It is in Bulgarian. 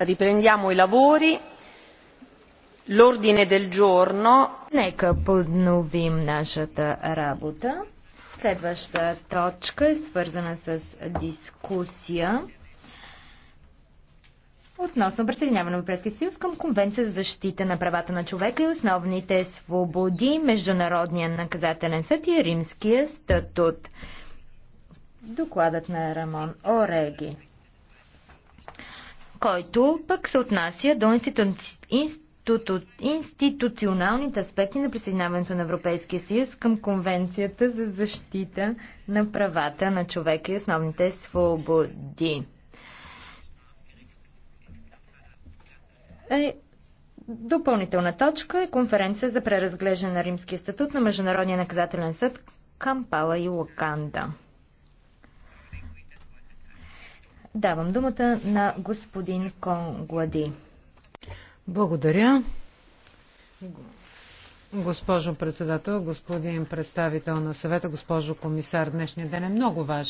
Riprendiamo i lavori. L'ordine del giorno. Нека подновим нашата работа. Следваща точка е свързана с дискусия относно присъединяване на Европейския съюз към Конвенция за защита на правата на човека и основните свободи, Международния наказателен съд и Римския статут. Докладът на Рамон Ореги който пък се отнася до институ... Институ... институционалните аспекти на присъединяването на Европейския съюз към Конвенцията за защита на правата на човека и основните свободи. Е, допълнителна точка е конференция за преразглеждане на Римския статут на Международния наказателен съд Кампала и Локанда. Давам думата на господин Кон Глади. Благодаря. Госпожо председател, господин представител на съвета, госпожо комисар, днешния ден е много важен.